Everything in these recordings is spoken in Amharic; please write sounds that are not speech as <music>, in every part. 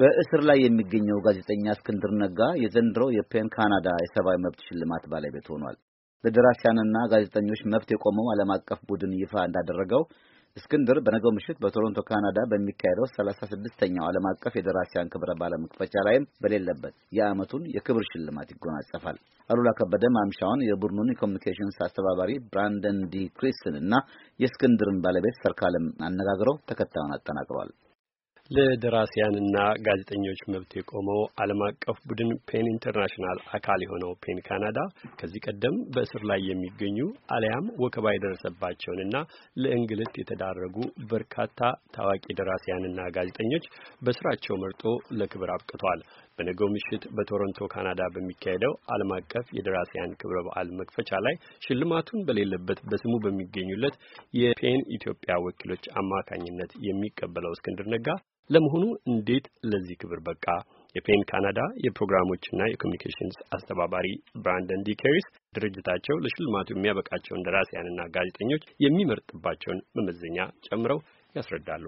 በእስር ላይ የሚገኘው ጋዜጠኛ እስክንድር ነጋ የዘንድሮ የፔን ካናዳ የሰብአዊ መብት ሽልማት ባለቤት ሆኗል። ለደራሲያንና ጋዜጠኞች መብት የቆመው ዓለም አቀፍ ቡድን ይፋ እንዳደረገው እስክንድር በነገው ምሽት በቶሮንቶ ካናዳ በሚካሄደው 36 ስድስተኛው ዓለም አቀፍ የደራሲያን ክብረ በዓል መክፈቻ ላይም በሌለበት የዓመቱን የክብር ሽልማት ይጎናጸፋል። አሉላ ከበደ ማምሻውን የቡድኑን የኮሚኒኬሽንስ አስተባባሪ ብራንደን ዲ ክሪስን እና የእስክንድርን ባለቤት ሰርካለም አነጋግረው ተከታዩን አጠናቅሯል። ለደራሲያንና ጋዜጠኞች መብት የቆመው ዓለም አቀፍ ቡድን ፔን ኢንተርናሽናል አካል የሆነው ፔን ካናዳ ከዚህ ቀደም በእስር ላይ የሚገኙ አሊያም ወከባ የደረሰባቸውንና ለእንግልት የተዳረጉ በርካታ ታዋቂ ደራሲያንና ጋዜጠኞች በስራቸው መርጦ ለክብር አብቅቷል። በነገው ምሽት በቶሮንቶ ካናዳ በሚካሄደው ዓለም አቀፍ የደራሲያን ክብረ በዓል መክፈቻ ላይ ሽልማቱን በሌለበት በስሙ በሚገኙለት የፔን ኢትዮጵያ ወኪሎች አማካኝነት የሚቀበለው እስክንድር ነጋ ለመሆኑ እንዴት ለዚህ ክብር በቃ? የፔን ካናዳ የፕሮግራሞችና የኮሚኒኬሽንስ አስተባባሪ ብራንደን ዲ ድርጅታቸው ለሽልማቱ የሚያበቃቸውን ደራሲያንና ጋዜጠኞች የሚመርጥባቸውን መመዘኛ ጨምረው ያስረዳሉ።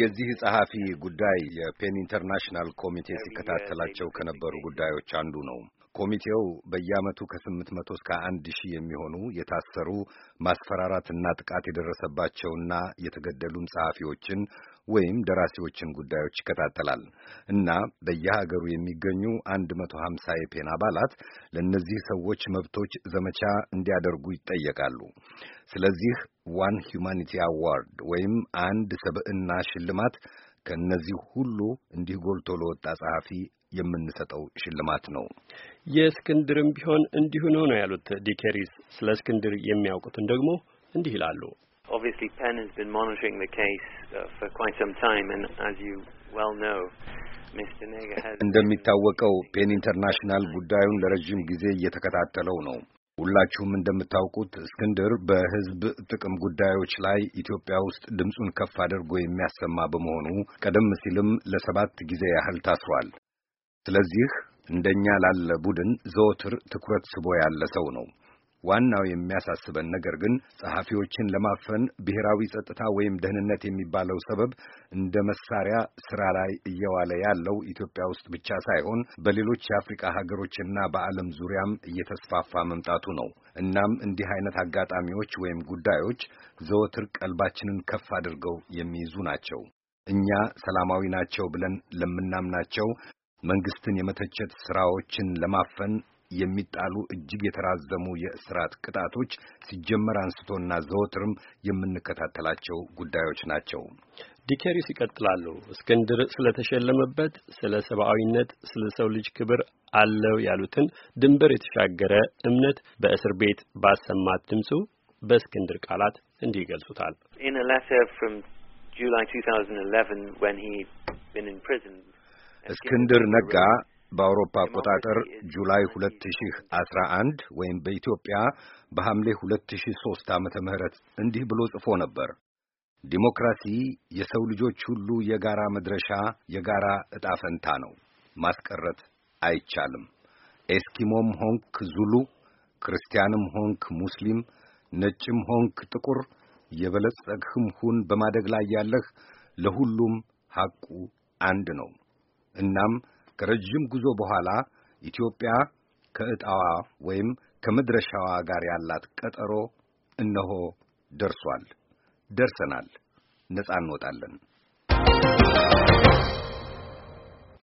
የዚህ ጸሐፊ ጉዳይ የፔን ኢንተርናሽናል ኮሚቴ ሲከታተላቸው ከነበሩ ጉዳዮች አንዱ ነው። ኮሚቴው በየዓመቱ ከስምንት መቶ እስከ አንድ ሺህ የሚሆኑ የታሰሩ ማስፈራራትና ጥቃት የደረሰባቸውና የተገደሉም ጸሐፊዎችን ወይም ደራሲዎችን ጉዳዮች ይከታተላል እና በየሀገሩ የሚገኙ 150 የፔን አባላት ለእነዚህ ሰዎች መብቶች ዘመቻ እንዲያደርጉ ይጠየቃሉ። ስለዚህ ዋን ሂዩማኒቲ አዋርድ ወይም አንድ ሰብዕና ሽልማት ከእነዚህ ሁሉ እንዲህ ጎልቶ ለወጣ ጸሐፊ የምንሰጠው ሽልማት ነው። የእስክንድርም ቢሆን እንዲሁ ነው ነው ያሉት ዲኬሪስ። ስለ እስክንድር የሚያውቁትን ደግሞ እንዲህ ይላሉ። Obviously, Penn has been monitoring the case uh, for quite some time, and as you well know, <laughs> እንደሚታወቀው ፔን ኢንተርናሽናል ጉዳዩን ለረጅም ጊዜ እየተከታተለው ነው። ሁላችሁም እንደምታውቁት እስክንድር በሕዝብ ጥቅም ጉዳዮች ላይ ኢትዮጵያ ውስጥ ድምፁን ከፍ አድርጎ የሚያሰማ በመሆኑ ቀደም ሲልም ለሰባት ጊዜ ያህል ታስሯል። ስለዚህ እንደኛ ላለ ቡድን ዘወትር ትኩረት ስቦ ያለ ሰው ነው። ዋናው የሚያሳስበን ነገር ግን ጸሐፊዎችን ለማፈን ብሔራዊ ጸጥታ ወይም ደህንነት የሚባለው ሰበብ እንደ መሳሪያ ስራ ላይ እየዋለ ያለው ኢትዮጵያ ውስጥ ብቻ ሳይሆን በሌሎች የአፍሪካ ሀገሮችና በዓለም ዙሪያም እየተስፋፋ መምጣቱ ነው። እናም እንዲህ አይነት አጋጣሚዎች ወይም ጉዳዮች ዘወትር ቀልባችንን ከፍ አድርገው የሚይዙ ናቸው። እኛ ሰላማዊ ናቸው ብለን ለምናምናቸው መንግስትን የመተቸት ስራዎችን ለማፈን የሚጣሉ እጅግ የተራዘሙ የእስራት ቅጣቶች ሲጀመር አንስቶና ዘወትርም የምንከታተላቸው ጉዳዮች ናቸው። ዲኬሪስ ይቀጥላሉ። እስክንድር ስለተሸለመበት ስለ ሰብአዊነት፣ ስለ ሰው ልጅ ክብር አለው ያሉትን ድንበር የተሻገረ እምነት በእስር ቤት ባሰማት ድምፁ በእስክንድር ቃላት እንዲህ ይገልጹታል። እስክንድር ነጋ በአውሮፓ አቆጣጠር ጁላይ 2011 ወይም በኢትዮጵያ በሐምሌ 2003 ዓመተ ምህረት እንዲህ ብሎ ጽፎ ነበር። ዲሞክራሲ የሰው ልጆች ሁሉ የጋራ መድረሻ፣ የጋራ ዕጣ ፈንታ ነው። ማስቀረት አይቻልም። ኤስኪሞም ሆንክ ዙሉ፣ ክርስቲያንም ሆንክ ሙስሊም፣ ነጭም ሆንክ ጥቁር፣ የበለጸግህም ሁን በማደግ ላይ ያለህ፣ ለሁሉም ሐቁ አንድ ነው። እናም ከረዥም ጉዞ በኋላ ኢትዮጵያ ከዕጣዋ ወይም ከመድረሻዋ ጋር ያላት ቀጠሮ እነሆ ደርሷል። ደርሰናል። ነፃ እንወጣለን።